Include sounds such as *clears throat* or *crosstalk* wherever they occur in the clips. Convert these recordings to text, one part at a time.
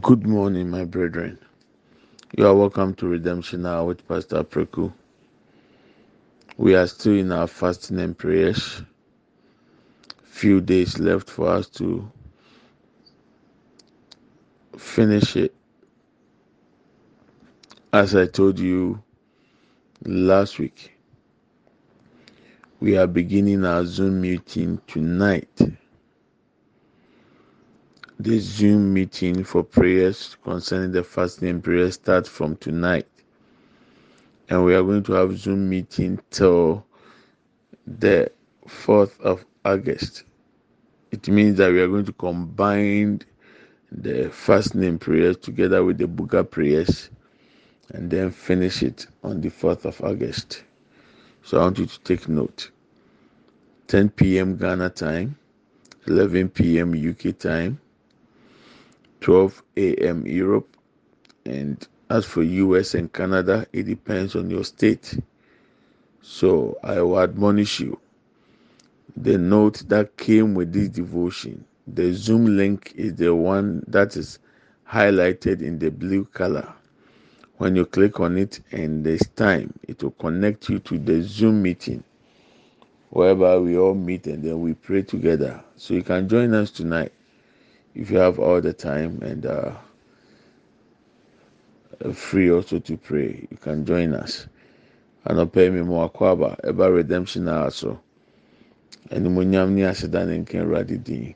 Good morning, my brethren. You are welcome to Redemption Hour with Pastor Preku. We are still in our fasting and prayers. Few days left for us to finish it. As I told you last week, we are beginning our Zoom meeting tonight. This Zoom meeting for prayers concerning the fasting and prayer starts from tonight. And we are going to have Zoom meeting till the 4th of August. It means that we are going to combine the fasting and prayers together with the Buga prayers and then finish it on the 4th of August. So I want you to take note. 10 p.m. Ghana time, 11 p.m. UK time, 12 a.m. Europe. And as for US and Canada, it depends on your state. So I will admonish you. The note that came with this devotion, the Zoom link is the one that is highlighted in the blue color. When you click on it and this time, it will connect you to the Zoom meeting whereby we all meet and then we pray together. So you can join us tonight if you have all the time and uh, free also to pray, you can join us. Anɔpɛ pay me akɔ aba about redemption hour so ɛnumonyam ne aseda ne nka awurade din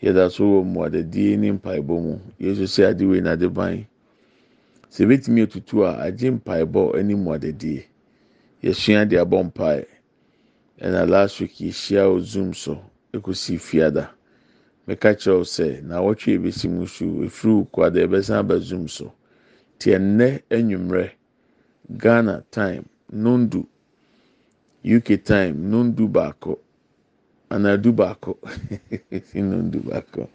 yɛda so wɔ mmuadadie ne mpaebɔ mu yesu sɛ ade wei na ade ban sɛ ebetumi etutu a agye mpaebɔ ne mmuadadie yɛsua de abɔ mpae ɛna last week yɛhyia wɔ zoom so see fiada. meka kyerɛw sɛ na awɔtwe ebesi mu so efiri kwada ɛbɛsan aba zoom so te nnɛ enwumrɛ ghana time nundu, uk time nundu baako anadu baako *laughs* nondu baako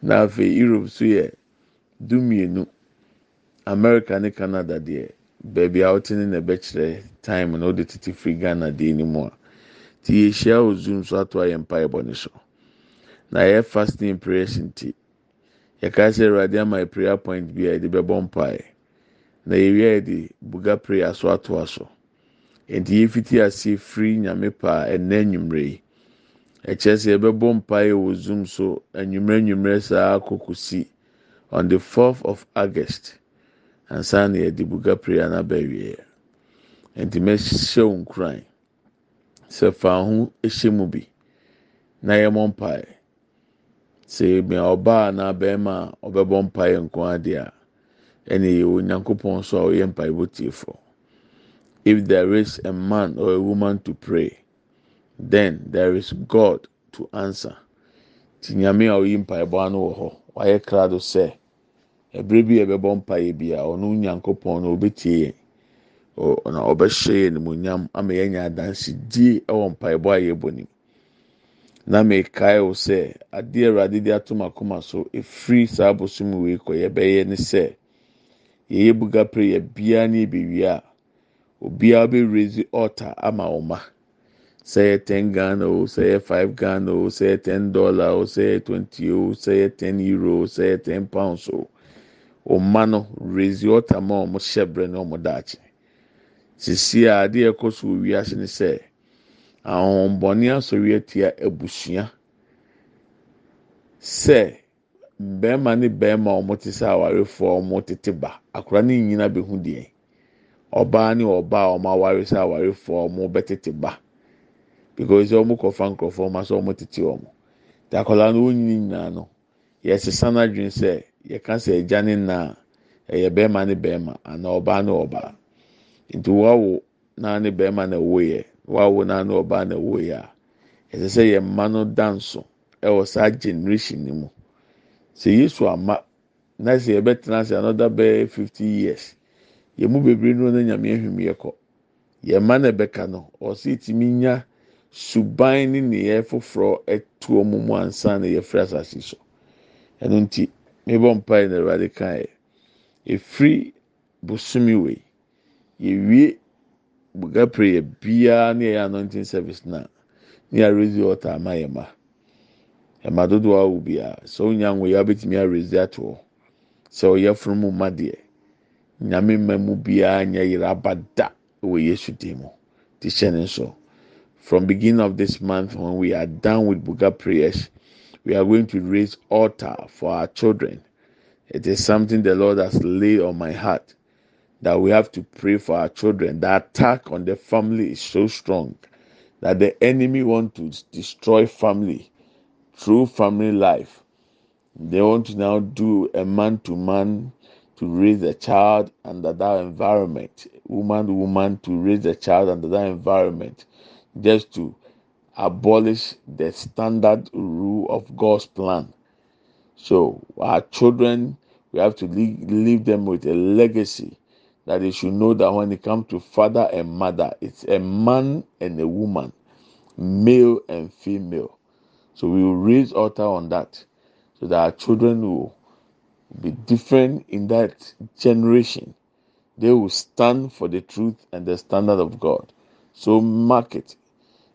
na afei europe so yɛ du america ne canada deɛ baabi a wɔte ne na ɛbɛkyerɛ time na wɔde tete firi ghana deɛ ne mu a te yɛhyia wɔ zoom so ato ayɛ mpa ne so na yɛ fasting prayers nti yɛka sɛ awurade ama prayer point bi a yɛde bɛbɔ mpae na yɛwie a yɛde buga prayer so atoa so nti yɛfiti ase firi nyame paa ɛnɛ nnwummerɛ yi ɛkyerɛ sɛ yɛbɛbɔ mpae wɔ zoom so anwummerɛ anwummerɛ saa si on the fourth of august ansa na yɛde buga prayer no aba awie nti mɛhyɛ wo nkuran sɛ fa ho hyɛ mu bi na yɛmmɔ mpae sɛ bia ɔbaa anaa barima a ɔbɛbɔ mpaeɛ nko adeɛ a ɛna yɛ onyankopɔn nso a ɔyɛ mpaebɔ tiefoɔ if there is a man or a woman to pray then there is god to answer ti nyame a ɔyi mpaebɔ ano wɔ hɔ wayɛ krado sɛ ɛbere bi a ɛbɛbɔ mpaeɛ bi a ɔno onyankopɔn no ɔbɛtie yɛn ɔna ɔbɛhyɛ yɛn nimonyam ama yɛn nyɛ adansidie ɛwɔ mpaebɔ a yɛbɔ nim. na mekae wo sɛ adeɛ awurade de ato m'akoma so efiri saa abosom wei kɔ yɛbɛyɛ ne sɛ yɛyɛ buga prayer biara ne ebewie a obiara bɛ raise altar ama wɔn ma sɛ yɛ ten ghana o sɛ yɛ five ghana o sɛ yɛ ten dollar o sɛ yɛ twenty o sɛ yɛ ten euro o sɛ ten pounds o wɔn no rezi altar ma wɔn hyɛ brɛ ne wɔn daakye sisi a adeɛ ɛkɔ so wɔ wiase n'ise. ahɔhombɔne asɔre atia ebusua sɛ barima ne barima a wɔte sɛ awarefoɔ a tete ba akwadaa no nyinaa bɛhu deɛ ɔbaa ne ɔbaa a wɔaware sɛ awarefoɔ a tete ba because wɔn kɔfa nkurɔfoɔ ma sɛ wɔtete wɔn te akwadaa no wɔn nyinaa no yɛsesa n'adwene sɛ yɛka sɛ agya ne nna ɛyɛ barima ne barima ana ɔbaa ne ɔbaa nti wɔawo naa ne barima na ɛwɔ yɛ. wawo na na ɔbaa na ɛwɔ yi a ɛsɛ sɛ yɛn mma no da nso ɛwɔ saa generation ne mu sɛ yesu ama na sɛ yɛbɛtena ase another bɛyɛ fifty years yɛn mu bebree no na nyame ahwim yɛ kɔ yɛn mma na ɛbɛka no ɔsi tìmi nya suban ne nea foforɔ ɛtu ɔmo mu ansa na yɛfrɛ asase so ɛno nti mebɔ mpae na ɛwɛade kan yɛ efiri bosomi wei yɛwie buga prayer biara ne yɛ anointing service na ne yɛ raise water ama yɛ ma ɛma dodoɔ awo biara sɛ onya nwoye abɛtumi araise atoɔ sɛ ɔyɛ funu mu ma deɛ nyame mma mu biara nyɛ yɛrɛ abada wɔ yesu dan mu te hyɛ ne nso from beginning of this month when we are done with buga prayers we are going to raise altar for our children it is something the lord has laid on my heart. that we have to pray for our children. The attack on the family is so strong that the enemy want to destroy family through family life. They want to now do a man to man to raise a child under that environment, woman to woman to raise a child under that environment, just to abolish the standard rule of God's plan. So, our children, we have to leave, leave them with a legacy that they should know that when it comes to father and mother, it's a man and a woman, male and female. So we will raise altar on that so that our children will be different in that generation. They will stand for the truth and the standard of God. So mark it.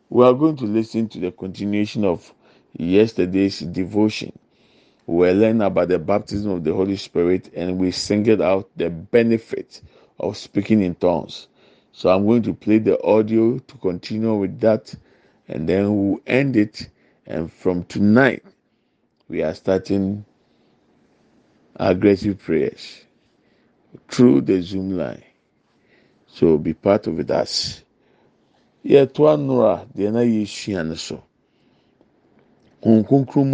We are going to listen to the continuation of yesterday's devotion we learn about the baptism of the Holy Spirit and we singled out the benefit of speaking in tongues. So I'm going to play the audio to continue with that and then we'll end it. And from tonight, we are starting aggressive prayers through the Zoom line. So be part of it us. yɛtoa nnora deɛ na yɛsua no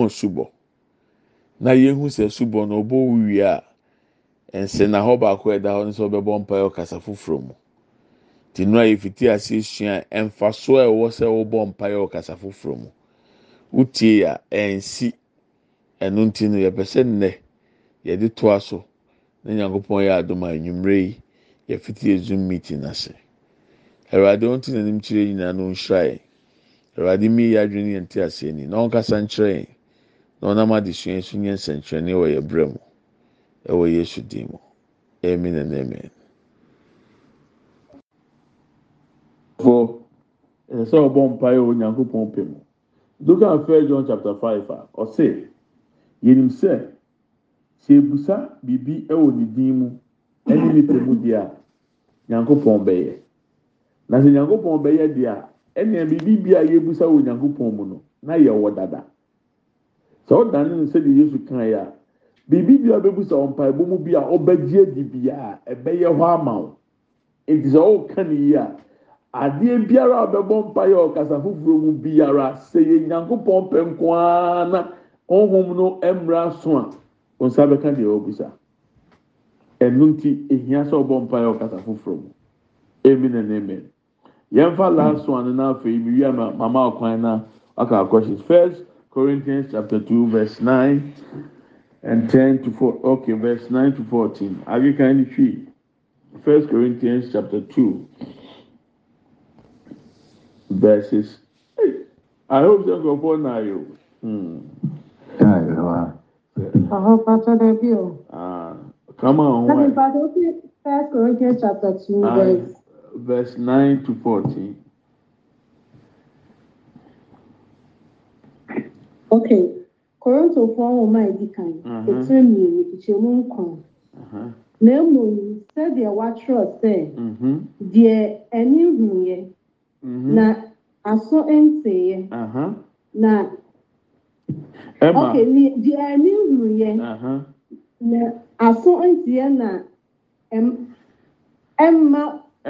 so na yɛhu sɛ subɔ na ɔbɔ wie a nsɛ na hɔ baako ɛda hɔ no sɛ ɔbɛbɔ mpaeɛ ɔkasa foforɔ mu nti nua yɛ fiti ase sua mfa so a ɛwɔ sɛ ɔbɔ mpaeɛ ɔkasa foforɔ mu wotie a nsi ɛno nti no yɛpɛ sɛ nnɛ yɛde toa so na nyankopɔn yɛ adom a enyimire yi fiti ezum meeting ase awurade wɔn ti n'anim kyerɛ nyinaa no nhyira yɛn awurade mi yɛ adwene yɛn ti ase ni na ɔnkasa nkyerɛ yɛn. na ɔnam adesua nso nyɛ nsɛnkyerɛnne wɔ yɛn brɛ mu ɛwɔ yesu dim mu amen and amen. fo ɛsɛ ɔbɔ mpaeɛ wɔ nyankopɔn pɛ mu duka afɛ john chapter five a ɔse yɛnim sɛ sɛ ebusa biribi ɛwɔ ne din mu ɛne ne pɛ mu deɛ a nyankopɔn bɛyɛ na sɛ nyankopɔn bɛyɛ deɛ a ɛnea biribi bi a yɛbusa wɔ nyankopɔn mu no na yɛ wɔ dada sɛ ɔdane no sɛdeɛ yesu kan yɛ a biribi bi a bɛbu sɛ ɔmpaebɔ mu bi a ɔbɛgye adi bi a ɛbɛyɛ hɔ ama wo nti sɛ ɔreka no yie a adeɛ biara a ɔbɛbɔ mpaeɛ ɔkasa foforɔ mu biara sɛ yɛ nyankopɔn pɛ nko na ɔnhom no mmra so a wɔn nsa bɛka deɛ ɔbusa ɛnu nti ehia sɛ ɔbɔ mpaeɛ ɔkasa foforɔ mu amen and amen yɛnfa last one na afei bi wia mama ɔkwan na aka akɔhyɛ first. Corinthians chapter 2, verse 9 and 10 to 4. Okay, verse 9 to 14. Are you kind of free? First Corinthians chapter 2, verses. Hey, I hope you go for now. You. Hmm. Uh, come on. First Corinthians chapter 2, ah, verse, verse 9 to 14. Okay, Korintofoɔ nwoma a edi kan, etiri mmienu, nkyɛmu nkron. Na mmom, sɛdeɛ wɔatwerɛ sɛ, deɛ ani huuɛ, na aso nteeɛ, na okay, ne deɛ ani huuɛ, na aso nteeɛ na ɛmma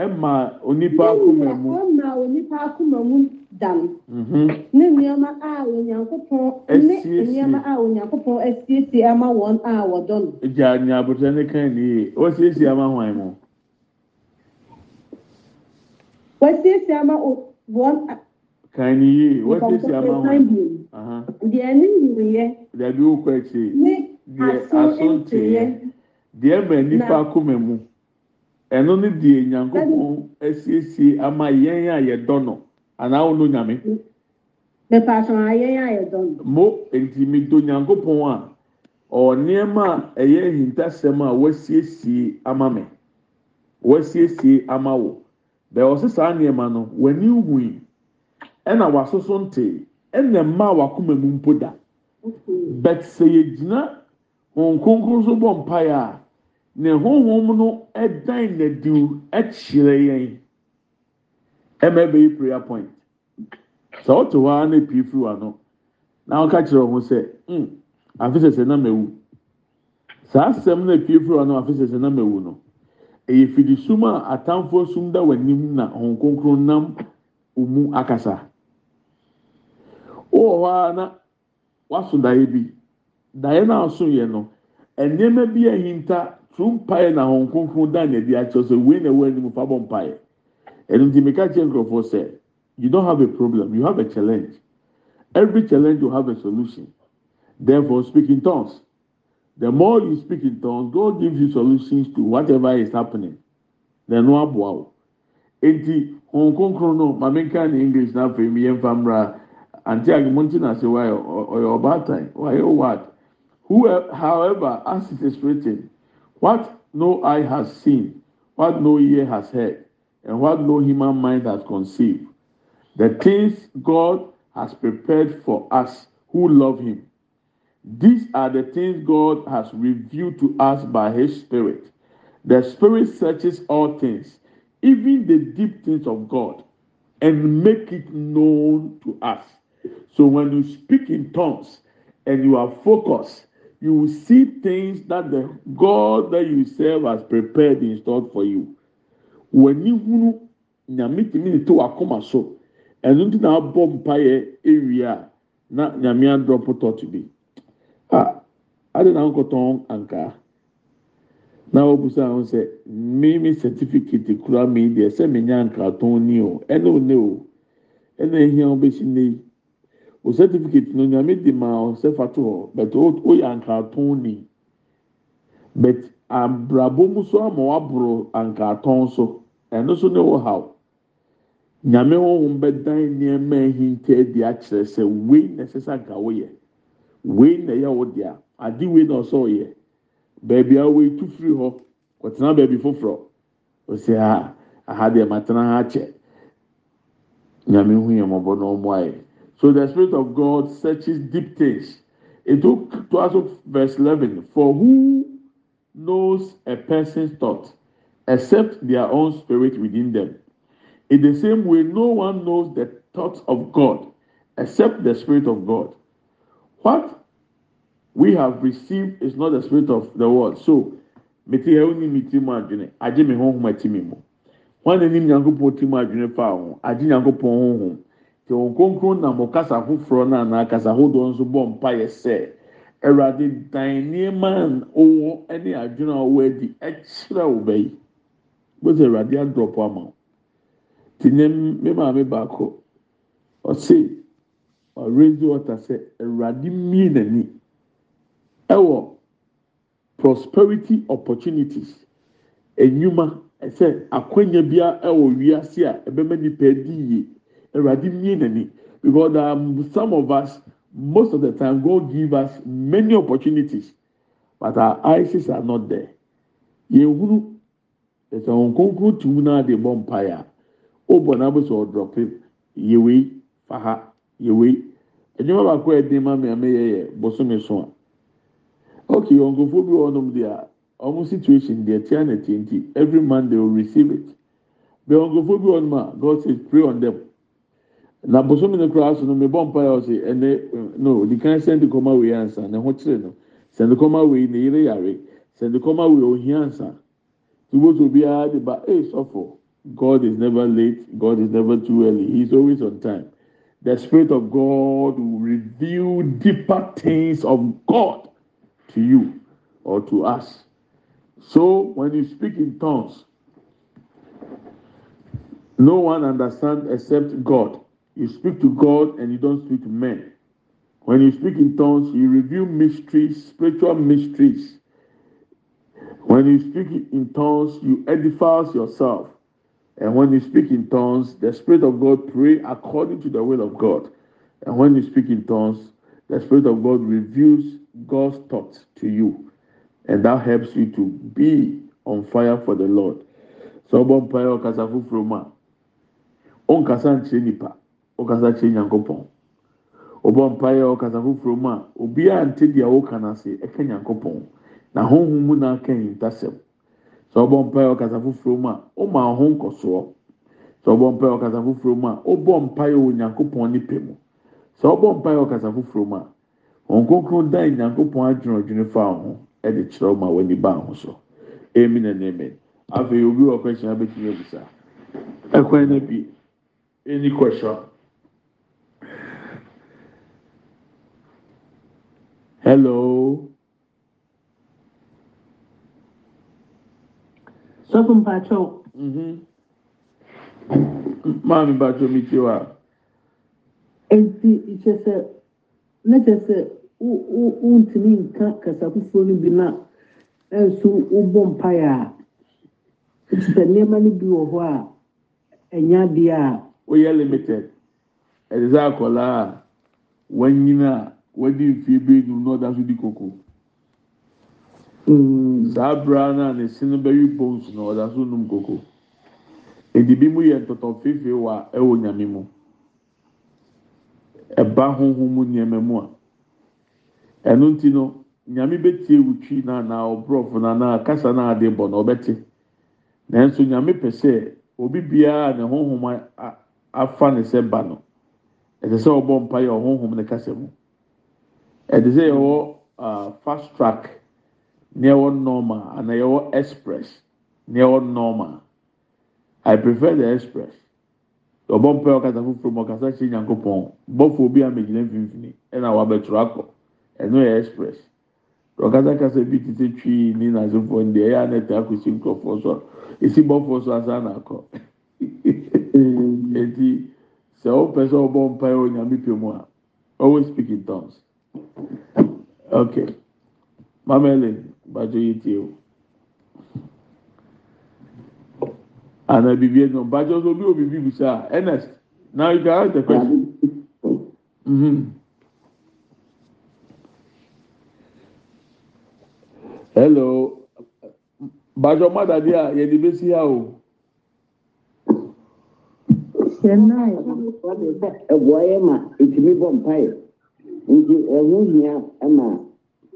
ɛmma onipa akoma mu ɛmma onipa akoma mu dam mhm. ne nneɛma a onyankopɔn ne nneɛma a onyankopɔn asiesie ama wɔn a wɔdɔ no. gya nyabotire ne kan ne yie wasiesie ama hwan mu. wasiesie ama wɔn. kan ne yie wasiesie ama hwan mu. deɛ ne nyiriɛ. dabi okɔ akyire. ne aso nteɛ. deɛ ma nipa akoma mu ɛno ne deɛ nyankopɔn asiesie ama yɛn a yɛdɔ no. anaa wo no nyame mo nti medo nyankopɔn a ɔwɔ nneema a ɛyɛ ahintasɛm a wasiesie ama me wasiesie ama wo bɛwɔ sɛ saa nneɛma no w'ani hui ɛna wasoso ntee ɛna mma a wakoma mu mpo da bɛt sɛ yɛgyina gyina kronkron so bɔ mpaeɛ a ne honhom no ɛdan n'adiw ɛkyerɛ yɛn ɛmɛbɛyi prayer point sɛ ɔte hɔ ara na pii firi wa no na ɔka kyerɛ ɔmo sɛ hmm afi sɛsɛ na mɛwu saa asɛm na pii firi wa no afi sɛsɛ na mɛwu no ɛyɛ fidi sum a atamfoɔ sum da wɔn anim na wɔn konkron nam ɔmu akasa wɔwɔ hɔ ara na waso daeɛ bi daeɛ na aso yɛ no nneɛma bi a hinta turu mpaeɛ na wɔn konkron da na ɛdi akyerɛ sɛ wei na ɛwɔ anim fa bɔ mpaeɛ. ɛnu ti mi ka kyerɛ nkurɔfoɔ sɛ you don't have a problem you have a challenge every challenge will have a solution therefore speak in tongues the more you speak in tongues God gives you solutions to whatever is happening then no aboa o eti ohun no maame nka ne english na afei mi yɛn fa mra anti agimunti na se wa ɔyɛ ɔbaatan ɔyɛ ɔwaad who however as it is written what no eye has seen what no ear has heard. and what no human mind has conceived. The things God has prepared for us who love Him. These are the things God has revealed to us by His Spirit. The Spirit searches all things, even the deep things of God, and make it known to us. So when you speak in tongues and you are focused, you will see things that the God that you serve has prepared in store for you. w'ani hunu nyame tumi ne te w'akoma so ɛno nti na abɔ mpaeɛ ewie na nyame adrɔpo tɔto bi a adi na nkɔtɔn ankaa na wɔbusa ho sɛ mmemme certificate kura mi deɛ sɛ menya nkratɔn ni o ɛna one o ɛna ehia ɔbɛsi ne yi o certificate no nyame di ma ɔsɛ fato hɔ but oyɛ nkratɔn ni but abrabɔ mu so ama waboro nkratɔn so. ɛno so ne wo haw nyame honhom bɛdan nneɛma ahinta adi akyerɛ sɛ wei na ɛsɛ sɛ aga woyɛ wei na ɛyɛ wo dea ade wei na ɔsɛ ɔyɛ baabi a wei tu firi hɔ kɔtena baabi foforɔ ɔsɛ ha aha deɛ matena ha akyɛ nyame hu yɛ mmɔbɔ na ɔmo ayɛ so the spirit of god searches deep things it took to us verse eleven for who knows a person's thought except their own spirit within them. In the same way, no one knows the thoughts of God except the Spirit of God. What we have received is not the spirit of the world. So, mete ya miti mu adwene, agye me honhom ati me mu. Wɔn anim nyankopɔn ti mu adwene fa ho, agye nyankopɔn honhom. Te wɔn konkron nam ɔkasa foforɔ na anaa kasa ahodoɔ nso bɔ mpa yɛ sɛ, Awurade dan nneɛma a ɔwɔ ne adwene a ɔwɔ adi kyerɛ wo gbèsè awurade adrɔpɔ ama wo te nyɛ me maame baako ɔse ɔrezi wɔta sɛ awurade mie n'ani ɛwɔ prosperity opportunities enyuma ɛsɛ akwanya bia ɛwɔ wiase a ɛbɛma nipa di yie awurade mie n'ani because there um, some of us most of the time God give us many opportunities but our eyes are not there yɛn hunu sɛ wɔn nkonkron tu mu naa de bɔ mpaeɛ a ɔbɔ n'abo sɛ ɔdrɔpe yɛwei fa ha yɛwei nneɛma baako a ɛde ma mmeame yɛ yɛ bosome so a okay ɔnkofoɔ bi wɔ hɔnom deɛ wɔn situation deɛ tia na tia nti every man they will receive it bɛ ɔnkofoɔ bi wɔ hɔnom a God say pray on them na bosome uh, no koraa so no mebɔ mpaeɛ ɔsɛ ɛnɛ no di kan sɛn de kɔma wei ansa ne ho kyerɛ no sɛn de kɔma wei ne yere yare sɛn de kɔma wei ohia ansa. poseto be adb asopfor god is never late god is never too early he is always on time the spirit of god will reveal deeper things of god to you or to us so when you speak in thons no one understand except god you speak to god and you don't speak to men when you speak in thons you reveal mysteries spiritual mysteries When you speak in tongues, you edify yourself. And when you speak in tongues, the Spirit of God pray according to the will of God. And when you speak in tongues, the Spirit of God reveals God's thoughts to you. And that helps you to be on fire for the Lord. So, bon prayer, okasa froma. Onkasa nkyerɛ nipa, okasa kyerɛ nyankopɔn. Obɔ mpaeɛ ɔkasa foforɔ ante a obiara nte deɛ na honhom mu n'akɛn ntasɛm sɛ ɔbɔ mpaeɛ ɔkasa foforɔ mu a ɔma ɔho nkɔsoɔ sɛ ɔbɔ mpaeɛ ɔkasa foforɔ mu a ɔbɔ mpaeɛ onyankopɔn nipa mu sɛ ɔbɔ mpaeɛ ɔkasa foforɔ mu a wɔn kɔnkɔn dan nyankopɔn adwenodwene fa ho ɛde kyerɛw ma wɔn ani ba ho so amen and amen afei obi wɔ kwɛhyɛn abɛtumi abisa ɛkwan na bi any question hello. sọfún mpàtjọ. maame mpàtjọ mi tie wa. nti kyɛ sɛ ne kyɛ sɛ wontumi nka kasa foforɔ no bi na nso wobɔ mpaeɛ a nti sɛ nneɛma no bi wɔ hɔ a ɛnyɛ adeɛ a woyɛ limited ɛde sɛ akɔlaa a wanyina a wadi mfie bɛnum na ɔda so di koko saa abira no a ne se no bɛyi bones na ɔda so num koko edi bi mu yɛ ntɔtɔ fefe wa ɛwɔ nyame mu ɛba huhu mu nneɛma mu a ɛno nti no nyame betie wutwi na na ɔborɔfo na na kasa na ade bɔ na ɔbɛte nanso nyame pɛ sɛ obi biara ne honhom afa ne sɛ ba no ɛsɛ sɛ ɔbɔ mpa yɛ ɔhonhom ne kasa mu ɛsɛ sɛ yɛwɔ ah, fast track. Near one normal and ana ɛwɔ express Near one normal i prefer the express ɔbɔ mpɛ ɔkasa foforɔ mu ɔkasa kye nyanko pɔn bɔfo bi a megyina mfimfini ɛna wabɛtoro akɔ ɛno yɛ express ɔkasa kasa bi ti sɛ twii ne n'asefo ndeɛ ɛyɛ anɛte akosi nkurɔfoɔ so esi bɔfoɔ so asa na mm. akɔ *laughs* eti sɛ ɔpɛ sɛ ɔbɔ mpɛ onyame a always speak in tongues okay mamelin badwo tie o ana bibi eno badwo so bi o bibi busa ernest now you can ask the question. Mm-hmm. hello badwo madadi a yẹ di besi ha o. sẹ́nà ẹ̀wọ̀ ẹ̀ ma ètùmí bọ̀ mpa yẹ nti ẹ̀hún hìá ẹ̀ ma.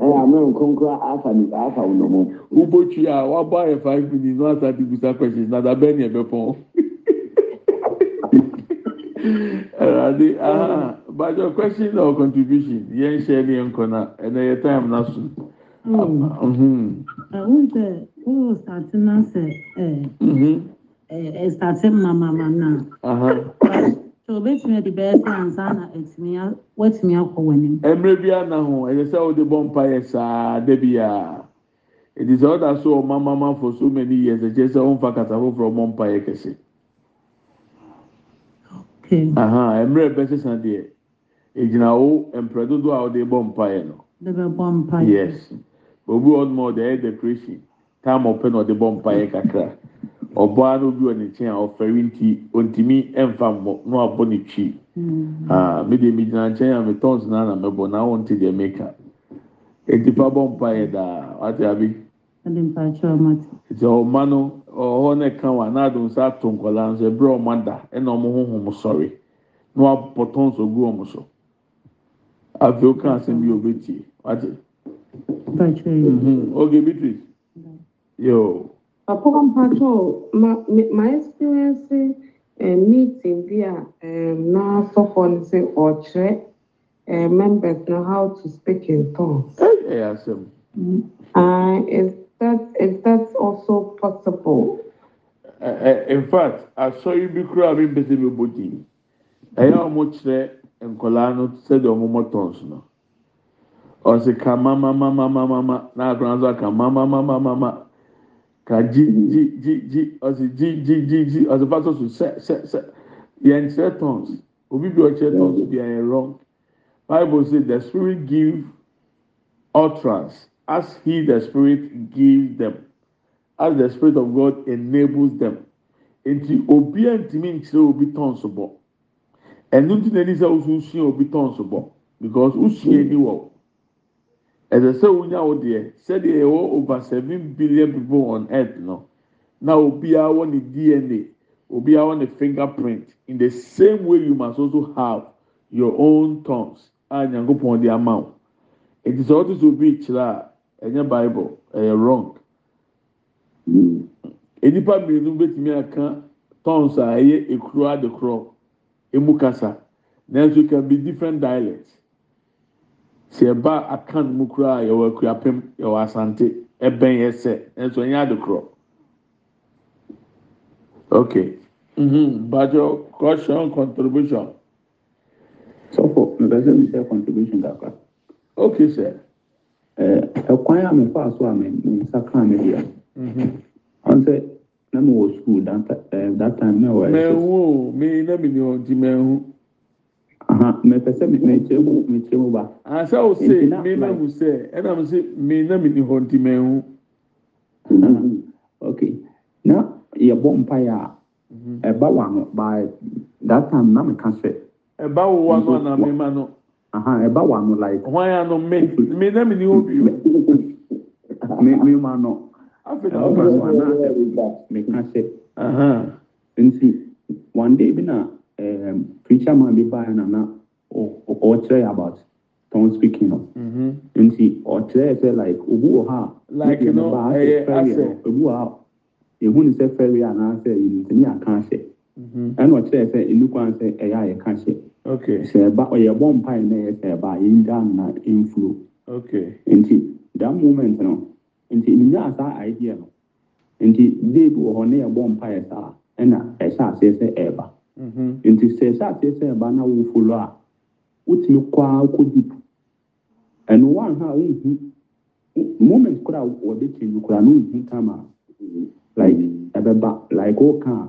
ɛyɛ amen nkonkoro afa afa wɔn a wabɔ ayɛ five minutes na asa de busa questions na ni aha bajɔ question or contribution yɛn hyɛ ne yɛn kɔ na ɛnna yɛ time na so. ɛwọ sɛ wọ́n ẹ̀ ẹ̀ obetumi de bɛyɛ sɛ ansa na watumi akɔ w'anim. mmerɛ bi ana ho ɛyɛ sɛ wode bɔ mpa yɛ saa da bi a ɛdi sɛ ɔda so mama for so many years ɛkyɛ sɛ ɔmfa kasa foforɔ mɔ mpa yɛ kɛse mmerɛ bɛ sesa deɛ ɛgyina wo mprɛ dodo a wode bɔ mpa yɛ no yes obi wɔ nom a ɔde ɛyɛ decoration time ɔpɛ na ɔde bɔ mpa yɛ kakra ọbaa no bi wɔ ne nkyɛn a ɔfɛre nti ntumi mfa mmɔ na wabɔ ne twi hmm. aa ah, mi deɛ mi gyina nkyɛn a mi tɔns naa na mɛbɔ na wɔn ti deɛ mɛka etipa bɔ mpa yɛ daa wate abi. sɛ ɔma no ɔhɔ ne ka wa na adum nsa ato nkɔla nso ebere ɔma da ɛna ɔmo honhom sɔre na wabɔ tɔns ogu ɔmo so afei o ka asɛm bi obe tie wate. oge bitris yoo. papa mpacho ma ma experience eh, meeting bi a eh, na asọfọ no sị ọkyerɛ eh, members na how to speak in tongues. Hey, awesome. uh, is that is that also possible? Uh, uh, in fact asọri bi kura mi mpese mi bọ di ɛyɛ ɔmo kyerɛ nkɔlaa no sɛdeɛ ɔmo mɔ tɔns no ɔsi ka mamamamamama n'akora nso aka mamamamamama ka gyi gyi gyi gyi ɔsi gyi gyi gyi gyi ɔsi fa soso sɛ sɛ sɛ yɛn kyerɛ tons obi bi ɔkyerɛ tons bi ɛyɛ wrong bible say the spirit give utterance as he the spirit give them as the spirit of god enables them nti obi a ntumi nkyerɛ obi tons bɔ ɛnu ti na ni sɛ ososua obi tons bɔ because osua ni wɔ ɛsɛ sɛ wonya wo deɛ sɛdeɛ yɛwɔ over seven billion people on earth no na obiara wɔ ne dna obiara wɔ ne fingerprint in the same way you must also have your own tongues a nyankopɔn de ama wo eti sɛ ɔte sɛ obi kyerɛ a ɛnyɛ bible ɛyɛ wrong enipa mmienu betumi aka tongues a ɛyɛ ekuro adekorɔ emu kasa nanso it can be different dialects sɛ ɛba aka no mu koraa yɛwɔ akuapem yɛwɔ asante ɛbɛn yɛ sɛ nso ɛnyɛ ade korɔ okay mhm bajo question contribution. sɔfo mbɛsɛ mi sɛ contribution kakra. okay sɛ. ɛɛ ɛkwan a mi fa so a mi mi nsa kan mi mhm. bia. ɔn sɛ na mi wɔ sukuu that time na wɔ ɛsɛ. mɛ n wo mi na mi ni ɔn ti mɛ n ho. mɛpɛ mɛkyerɛ mu ba. Ah, se mu ɛna mu se mi ni hɔ nti mɛ ok na yɛ bɔ mpa yɛ a mhm. ɛba wa no by that time na mi ka sɛ. ɛba wo wa no mi ma no. ɛba wa no like. yà no mi mi ni hɔ bi mi mi ma no. afei na ɔba ka sɛ. nti one day bi na. um, preacher man bi paa na na ɔkyerɛ yɛ about tongue speaking no nti ɔkyerɛ yɛ sɛ like obu wɔ ha like no ɛyɛ asɛ obu wɔ ha ehu ne sɛ fɛre anaasɛ ntumi aka ahyɛ ɛna ɔkyerɛ yɛ sɛ nnukwu ansɛ ɛyɛ a yɛka hyɛ sɛ ɛba ɔyɛ bɔ mpae na ɛyɛ sɛ ɛba yɛn da na nfuo nti that moment no nti nyaa saa idea no nti dee bi wɔ hɔ ne yɛ bɔ mpae saa ɛna ɛhyɛ aseɛ sɛ ɛɛba. nti sɛ ɛhyɛ aseɛ sɛ ɛba na wo a wotumi kɔa wokɔ deep ɛno woanha a wonhu moment kora a wɔde kora no wonhu like ɛbɛba like woka a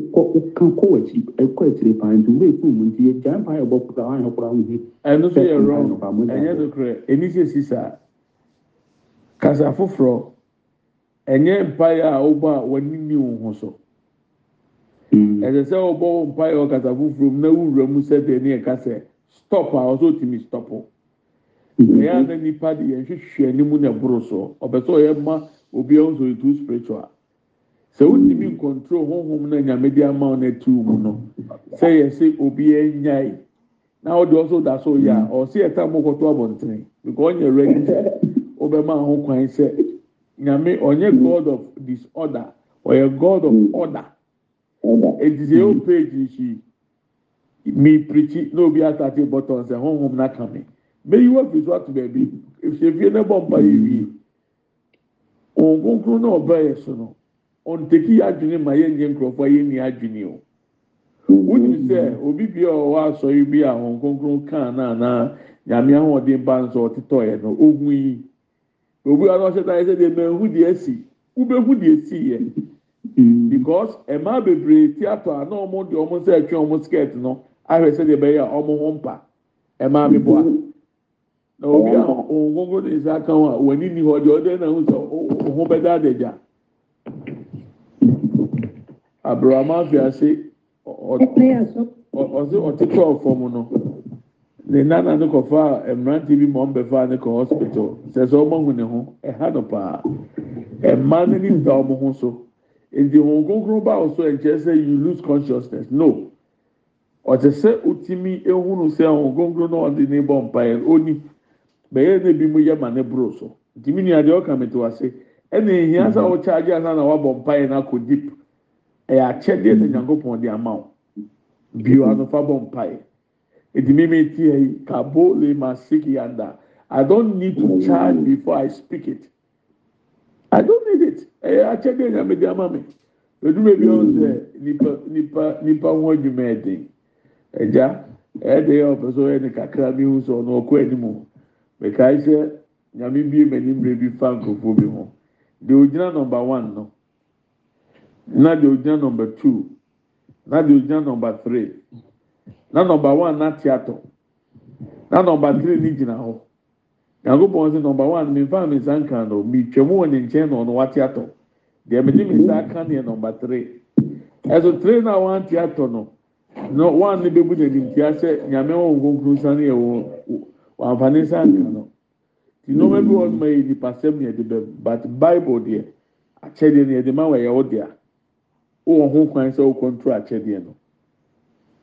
woka kɔ w'akyi ɛkɔ akyire paa nti wura ɛfu mu nti yɛgya mpa yɛbɔ kora woanyɛ kora wohu ɛno so yɛ wrong dokorɛ ɛni sɛ si saa kasa foforɔ ɛnyɛ mpaeɛ a a ɛsɛ sɛ ɔbɔ mpaeɛ ɔkasa foforɔ mu na wura mu sɛ deɛ ne yɛka sɛ stop a ɔsɛ ɔtumi stop ɛyɛ a na nipa de yɛn hwehwɛ anim na ɛboro so ɔbɛ sɛ ɔyɛ ma obiara nso etu spiritual sɛ wotumi nkɔntrol mm. honhom na nyame de ama ɔna etu mu no sɛ yɛsɛ obiara nyae na ɔde ɔsɔ da so yɛ a ɔsɛ yɛ tam ɔkɔtɔ abɔnten because ɔnyɛ ready ɔbɛma ho kwan sɛ nyame ɔnyɛ god of disorder ɔyɛ god of mm. order. eti sɛ yɛwɔ page nsi mi pirikyi na obi asate bɔtɔn sɛ honhom na ka mi meyi wɔ fi so ato baabi efisɛ fie ne bɔ mpa yɛ wie wɔn kunkun na ɔbɛ yɛ so no ɔnteki yɛ adwene ma yɛ nye nkurɔfoɔ yɛ nye adwene o wotiri sɛ obi bi a ɔwɔ asɔre bi a wɔn kunkun kaa na ana nyame ahoɔden ba nso ɔtetɔ yɛ no ogun yi obi a ɔhyɛ ta yɛ sɛ deɛ mɛ ehu deɛ esi wubɛhu deɛ Mm. because mmaa bebree ti ato a na wɔn de wɔn nsa atwa wɔn skirt no ahwɛ sɛ deɛ ɛbɛyɛ a wɔn ho mpa mmaa bi boa mm-hmm. na obi a wɔn nkonko de nsa aka ho a wɔn ani ni hɔ deɛ ɔde na ho sɛ wɔn ho bɛda adagya aburama afiase ɔsi ɔtete ɔfam no ne nana ne kɔfa mmerante bi ma ɔmbɛfa ne kɔ hospital sɛ sɛ ɔmo ahu ne ho ɛha no paa mmaa no ni nsa ɔmo ho so. nti wọn nkonkron ba ọsọ nkyɛn sɛ you lose consciousness no ɔte sɛ otimi ehunu sɛ wọn nkonkron na ɔde ne bɔ mpaeɛ oni bɛyɛ na ebi mu yɛ ma ne buro so ntumi nua deɛ ɔka mi to ase ɛna ehia sɛ ɔkyɛ agye asa na wabɔ mpaeɛ na akɔ deep ɛyɛ akyɛdeɛ sɛ nyankopɔn de ama wo bio mhm. anofa bɔ mpaeɛ edimi mi tie yi kabo le ma siki yanda i don't need to mhm. charge before i speak it. I don't need it. Ẹ̀yẹ akyẹ́dé ẹ̀yàn mẹ́jọ ama mi. Hmm. Odúmọ̀ ebi ọ̀hún sẹ̀ nípa nípa nípa wọn adwuma ẹ̀dín. Ẹja ẹ̀ẹ́dẹ̀ e yẹ ọ̀pẹ̀ sọ ẹni e kakra mi hù sọ ọ̀nà ọ̀kọ́ ẹni e mu. Mẹ̀ka ẹ̀ṣẹ̀ nyàmé bíi mẹ̀ni mìíràn bi fa nkurọ̀fọ̀ bi ho. Deɛ ogyina nọmba one no, na deɛ ogyina nọmba two, na deɛ ogyina nọmba three, na nọmba one na te atɔ, na nọmba three ni gyina hɔ nyankopɔn sɛ nɔmba one memfa me nsa nka no metwam wɔ ne nkyɛn na ɔno wate atɔ deɛ mede me nsa aka neɛ nɔmba three ɛso three na a wante atɔ no no one ne bɛbu n'animtia sɛ nyame wɔ wo nkonkron sane yɛ wɔ wɔamfa ne nsa nka no nti nneɛma bi wɔ no ma yɛ nipasɛm ne yɛde bɛm but bible deɛ akyɛdeɛ ne yɛde ma wɔ yɛ wo dea wowɔ ho kwan sɛ wokɔntro akyɛdeɛ no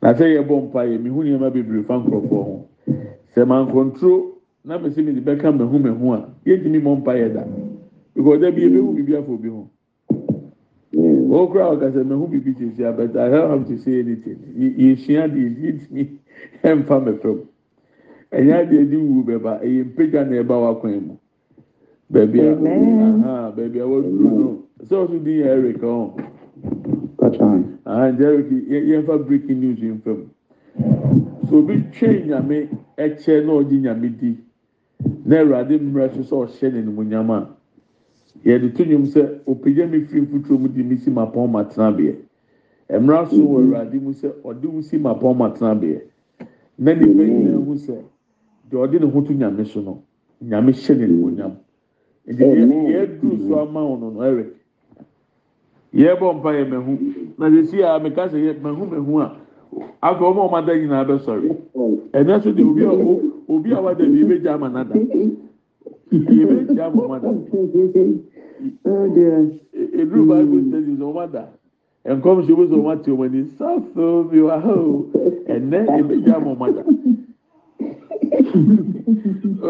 na sɛ yɛbɔ mpa yɛ mehu nneɛma bebree fa nkurɔfoɔ ho sɛ mankɔntro na mesi mi de bɛka mehu mehu a yɛntumi mɔ mpa yɛ da because ɛbi ebehu biribi afɔ bi ho wɔn hmm. kura ɔkasa mehu biribi te si abɛta i don't have to say anything yɛsua deɛ yɛntumi ɛnfa mɛfɛm ɛnyɛ adeɛ di *laughs* wu bɛba ɛyɛ mpagya na ɛba wakwan mu baabi a aha baabi a wɔduru no sɛ ɔso di yɛ eric ɔn oh. aha jerry yɛnfa breaking news yɛn fam so obi twɛn nyame ɛkyɛ na ɔgye nyame di na awurade mmerɛ so sɛ ɔhyɛ ne nimonyam a yɛde to nnwom sɛ ɔpagya me firi mfuturo mu de me si mapɔn ma tenabeɛ mmerɛ so wɔ awurade mu sɛ ɔde wo si mapɔn ma tenabeɛ na nipa nyinaa hu sɛ deɛ ɔde ne ho to nyame so no nyame hyɛ ne nimonyam nti yɛduru so ama wo no no ɛrɛ yɛbɔ mpa yɛ mɛhu na sɛ si a meka sɛ yɛ mɛhu mɛhu a afei wɔn a wɔn ada nyinaa bɛsɔre so de obi a obi a wada bi ebe gya ama nada ebe gya ama ọma da eduru bible studies ọma da nkọm nso ebi sọ ọma ti ọma ni sáfù bi wa ha o ẹnẹ ebe gya ama ọma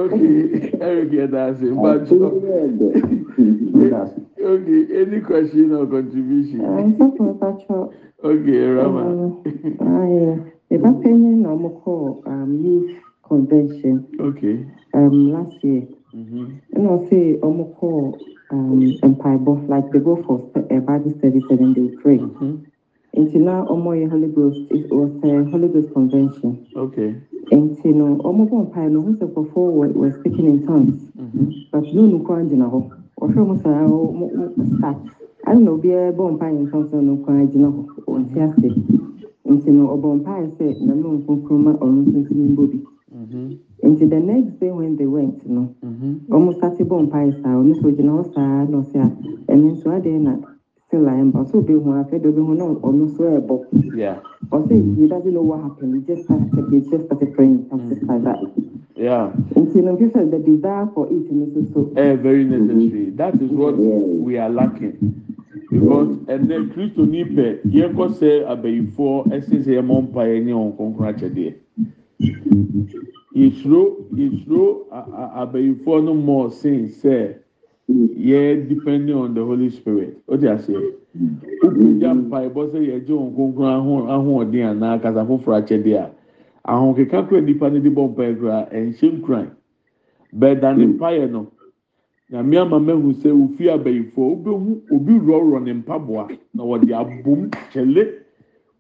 ok eric yẹda ase mbajọ ok any question or contribution uh, ok rama. Eba penye na ọmụkọ um, youth convention okay. um, last year. Mm-hmm. And I'll say, um, call um, Empire Buff, like they go for a Bible study and then they pray. Mm-hmm. Until now, Omo Holy Ghost, it was a Holy Ghost convention. Okay. Until now, Omo Empire, no, who's before were speaking in tongues. Mm-hmm. But no, no, Kwanjina, or from uh, start. I don't know, be a bomb pie in tongues, no, Kwanjina, or Tiasi. Until no, Obon Pie said, no, no, Kumkroma, or Nsinsin Bobby. Mm-hmm. nti the next day when they went you no ɔmo thirty bɔ mpae saa ɔno nso gyina hɔ saa na ɔsi a ɛno nso adeɛ na still I am but so be one after the one on so a book. Yeah. Or say he doesn't know what happened. He just started he just started praying something like that. Yeah. And you know, the desire for it is so eh, very necessary. That is what we are lacking. Because ẹnẹ kristo ní pẹ yẹ say sẹ abẹyìfọ ẹsẹ sẹ ẹ mọ mpa ẹ ní ọhún kọnkọn àkyẹdẹ ìṣòro ìṣòro àbẹ̀yìnfọ́ no more sin sẹ́ yẹ depending on the holy spirit ó ti àṣẹ ìpèjà mpa ìbọ́ sẹ́ yẹ jẹ́ òǹkóńkó ahọ́ọ̀dín àná kàtà fúnfúnra kyẹ́dẹ́ à àwọn kíkà kúrò nípa ní dìbò mpa ẹ̀kúrà ẹ̀ ń ṣe ń kúràn bẹ́ẹ̀ dání mpa yẹn no nyàmí àmà mẹ́hu sẹ́ òfin àbẹ̀yìnfọ́ obéhu òbí rọ̀rọ̀ ní mpa bọ̀à na wọ́n di abom kyẹ́lẹ́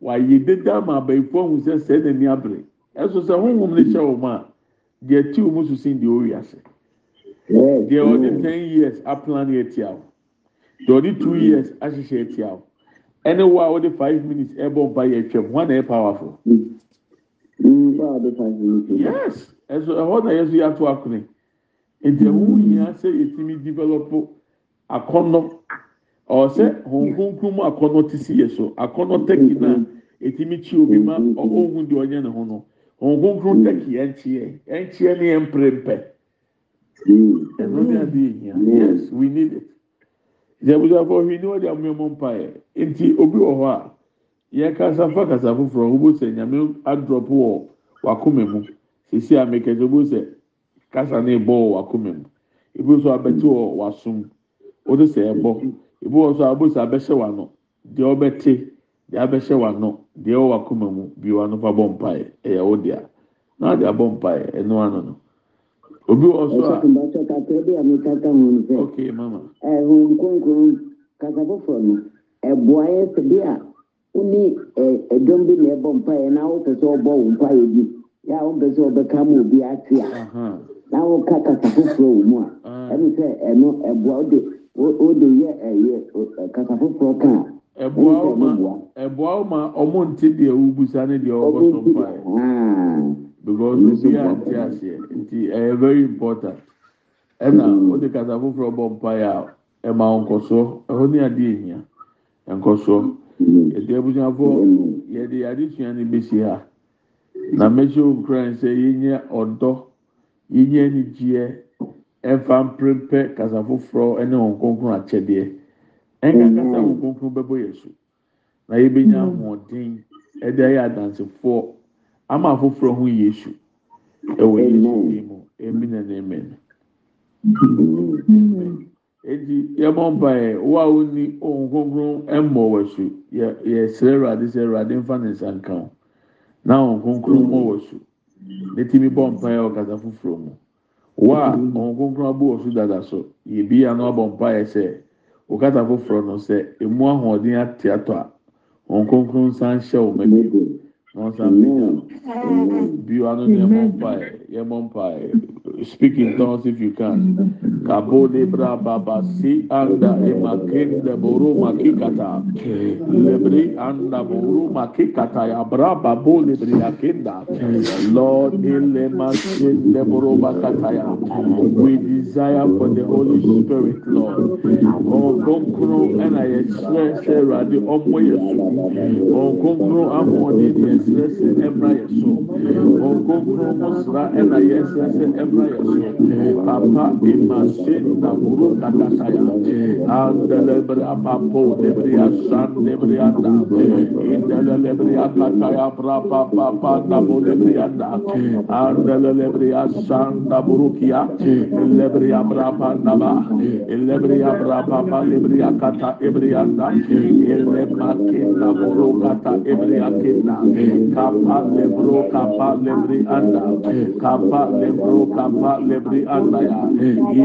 wàyé dédé àmà àbẹ̀yìnfọ́ ọ̀hún sẹ́ sẹ́ nani abẹ́rẹ́ ɛso sɛ honhom no hyɛ wɔn a deɛ ti wɔn so sin deɛ ase deɛ ɔde ten years aplan ɛtia o deɛ ɔde two mm. years ahyehyɛ ɛtia o ɛne wo a ɔde five minutes ɛbɔ mpa yɛ twɛm wɔn na yɛ powerful. Mm. Mm, yes ɛso ɛhɔ na yɛ so yɛ ato akone nti ɛho nyinaa sɛ yɛtumi develop akɔnɔ ɔsɛ honkunkum akɔnɔ ti si yɛ so akɔnɔ tɛki na etimi kyi obi ma ɔhun deɛ ɔnyɛ ne ho no nkonkron tẹki mm. yẹn tiẹ yẹn tiẹ ni yẹn mpirempẹ ẹnu mm. ni adi yẹn yes we need it jẹbusafo hwi ni wọde amu ẹmọ mpa yẹ nti obi wọ hɔ a yẹn kasa fa kasa foforɔ obo sɛ nyame adrɔpo wɔ wakoma mu sisi amekɛse obo sɛ kasa ne bɔ wɔ wakoma mu ebi nso abɛte wɔ wasom o de sɛ ɛbɔ ebi wɔ so abo sɛ abɛhyɛ wano deɛ ɔbɛte deɛ w'ano deɛ ɛwɔ w'akoma mu bi w'ano fa bɔ mpaeɛ ɛyɛ wo dea na ade abɔ mpaeɛ ɛno ano no obi wɔ so a. ɛsɛ kakra bi a mi kaka ho n sɛ. ok mama. ɛho nkonkron kasa foforɔ no ɛboa yɛ sɛ bi a wone ɛdɔm bi na ɛbɔ mpaeɛ na wopɛ sɛ ɔbɔ wo mpaeɛ bi yɛ a wopɛ ɔbɛka ma obi ate a na woka kasa foforɔ wɔ mu a ɛno sɛ ɛno ɛboa wode wode yɛ ɛyɛ kasa foforɔ ka ɛboa wo ma ɛboa wo ma ɔmo nti deɛ wobusa ne deɛ ɔbɔ so mpa yɛ because obi a nti aseɛ nti ɛyɛ eh, very important ɛna o de kasa foforɔ bɔ mpa yɛ a ɛma nkɔsoɔ ɛhɔ ne adeɛ ehia nkɔsoɔ ɛdi abusuafo yɛde yade tua ne besi ha na mɛhyɛ okran sɛ yɛnyɛ ɔdɔ yɛnyɛ anigyeɛ ɛnfa mpempɛ kasa foforɔ ɛne wɔn nkonkron akyɛdeɛ. ɛnkasa wo kronkron bɛbɔ yɛ so na yɛbɛnya ahoɔden ɛde ayɛ adansefoɔ ama afoforɔ ho yesu ɛwɔ yesu din mu emi na ne mɛ no eti yɛbɔ mpaeɛ wo a woni mm. ohun kronkron ɛmmɔ wɔ so yɛ yɛsrɛ awurade sɛ awurade nfa ne nsa nka ho na ohun kronkron mmɔ wɔ so ne ti mi bɔ mpaeɛ wɔ kasa foforɔ mu wo a ohun kronkron abɔ wɔ so dada so yɛ bi ya no abɔ mpaeɛ sɛ wòkata foforɔ no sɛ emu ahoɔden ate atɔ a wɔn kronkron san hyɛ wɔn ani na wɔn san pɛgya no bio ano na ɛmɔ mpaeɛ mpaeɛ. speak in tongues if you can. Kabo bra babasi anda emakin de boru makikata. Lebri anda boru makikata ya bra babo lebri akinda. Lord elemasin de boru makata ya. We desire for the Holy Spirit, Lord. Okonkuru ena yesre se radi omo yesu. Okonkuru amoni yesre se emra yesu. Okonkuru musra ena yesre se emra Bapak imasin namurut kata saya Andale pun diberi asan diberi anda Indale diberi anda kaya berapa papa namun diberi anda Andale diberi asan kia. ya Diberi berapa nama Diberi berapa apa diberi kata diberi anda Ile makin namurut kata diberi kita. Kapal lebro kapal diberi anda Kapal lebro kapal aaikataebrakiaa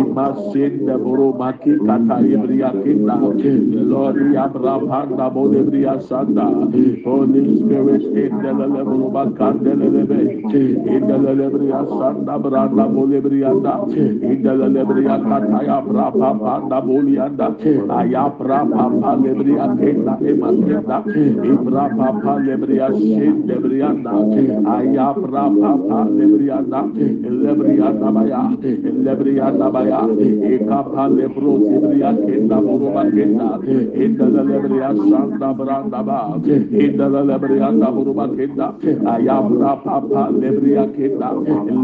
braaarbraa dabaya lebriya dabaya ekapa lebro sibriya kenda buruma kenda indala lebriya santa branda ba indala lebriya da buruma kenda ayabra papa lebriya kenda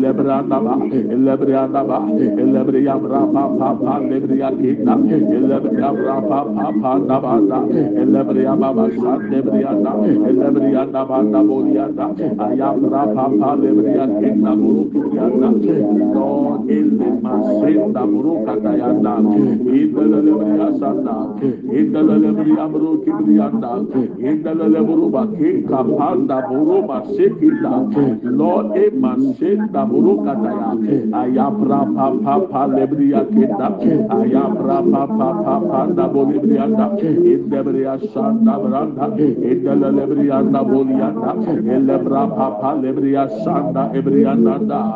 lebra daba lebriya daba lebriya bra papa lebriya kenda lebriya bra papa daba da lebriya baba lebriya da lebriya daba da boriya da ayabra papa lebriya kenda buruma kenda lo éli masénda mrukadayada indlle bria sanda indllebria mrokibrianda indlle mruba kinkapada muru masékila lo émaséndamurukadaya ayapraaaalebria keda ayapraaadabolbrianda indebria sanda branda indllebriandabolianda ilebraaalebria sanda ebrianaa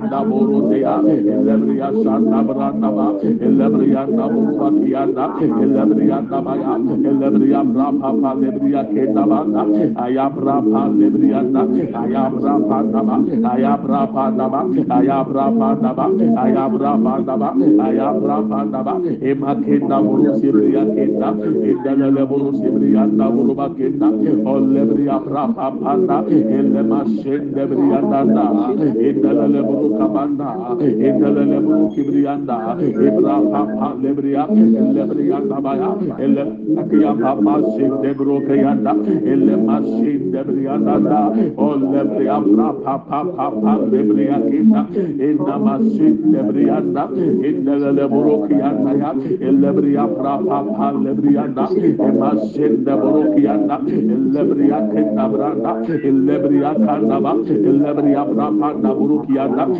inda borodiya elebriya şanda branda ba elebriya da buvatiya da elebriya da baya elebriya brapa pa lebriya kenda ba aya brapa lebriya da aya brapa da ba aya brapa da ba aya brapa da ba aya brapa da ba aya brapa da ba ema kenda borusibriya kenda indelele borusibriya da da elema şende briya da kabanda ebrele bu kibriyanda ebra pa pa lebriya lebriya tabaya elle akiya pa pa sin debro kayanda elle masin debriya danda o lebriya pa pa pa pa pa lebriya kita inna masin lebriya da inna le buru kiyanda ya lebriya pa pa pa lebriya da e masin debro kiyanda lebriya kita branda lebriya kanda ba lebriya pa pa da buru kiyanda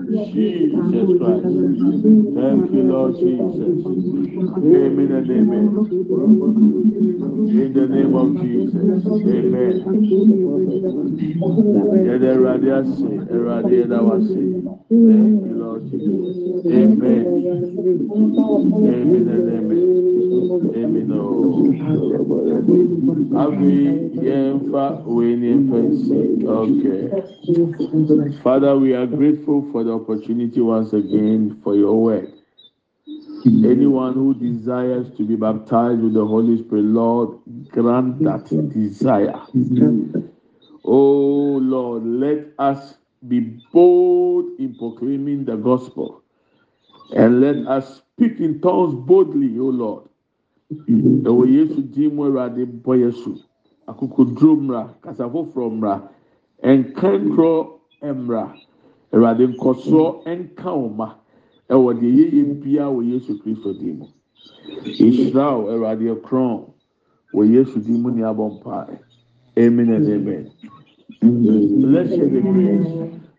Jesus Christ. Thank you, Lord Jesus. Amen and amen. In the name of Jesus. Amen. Yet Eradia Thank you, Lord Jesus. Amen. Amen and amen. Amen. Oh. Avi, Yemfa, Winnie, Okay. Father, we are grateful for the opportunity once again for your work. Anyone who desires to be baptized with the Holy Spirit, Lord, grant that desire. Oh Lord, let us be bold in proclaiming the gospel and let us speak in tongues boldly, oh Lord. Yesu Yesu awurade nkɔsoɔ nka wo ma ɛwɔ deɛ yɛyɛ bia wɔ yesu kristo din nhyira wo awurade korɔn wɔ yesu din ne abɔ mpae amen and amen let's share the grace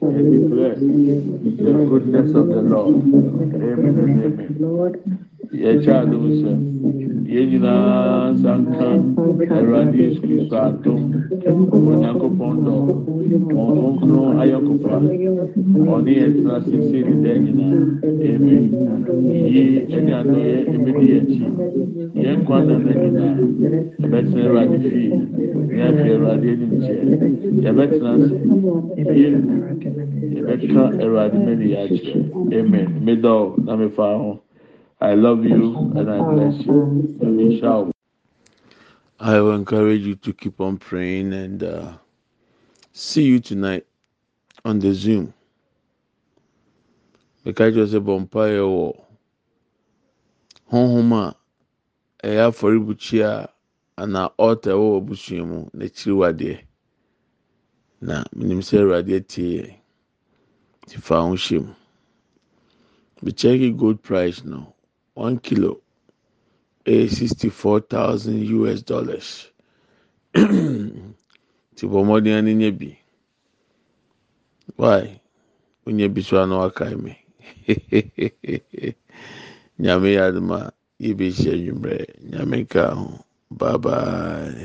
May be blessed with the goodness of the Lord. Amen and amen. Yeah, child, yɛn nyinaa sanka awurade yesu kristo atom onyankopɔn dɔ wɔn nkonkron ayɔkofa ɔne ɛtena sese ne dɛ nyinaa ɛmi yie ɛne adɔyɛ ɛmɛdi akyi yɛn kwan na ne nyinaa yɛbɛtena awurade fie ne afi awurade anim kyɛ yɛbɛtena ase yie yɛbɛka awurade mɛni yɛ akyerɛ amen medɔ na mefa ho. I love you and I bless you. and Inshallah. I will encourage you to keep on praying and uh, see you tonight on the Zoom. Because a vampire or Mekajo sɛ bɔmpa yɛ wɔ honhom a ɛyɛ afɔrebukyia anaa ɔɔta ɛwɔ abusua mu n'akyiri wadeɛ na menim sɛ awurade atie yɛ ti fa ho hyɛ check Mekyɛke gold price now. one kilo a sixty four thousand US dollars *clears throat* ti bɔ mmɔden ani nye bi why onye bi so ano akae mi nyame yadoma yi bi hyɛ nwummerɛ nyame nka ho bye bye.